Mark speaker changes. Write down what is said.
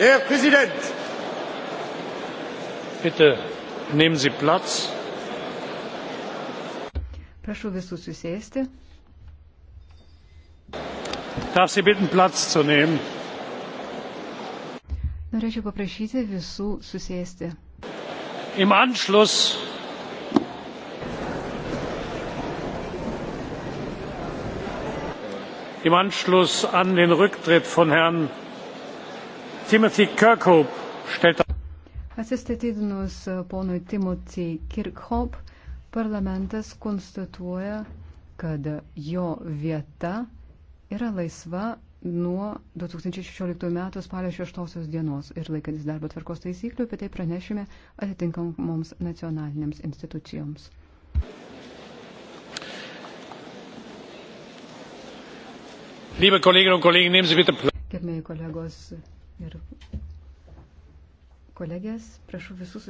Speaker 1: Herr Präsident! Bitte nehmen Sie Platz.
Speaker 2: Prašau visus susėsti.
Speaker 1: Darf Sie bitten, Platz zu nehmen?
Speaker 2: Norėčiau paprašyti visų
Speaker 1: susėsti. Im Anschluss Im Anschluss an den Rücktritt von Herrn Timothy Kirkhope stellt.
Speaker 3: Atsistatydinus ponui Timothy Kirkhope, parlamentas konstatuoja, kad jo vieta yra laisva nuo 2016 m. spalio 6 dienos ir laikantis darbo tvarkos taisyklių, apie tai pranešime atitinkamoms nacionalinėms institucijoms.
Speaker 4: Liebe Kolleginnen und Kollegen, nehmen Sie bitte Platz.
Speaker 2: Gerbėjai kolegos, ir kolegės. Prašau visus susitikti.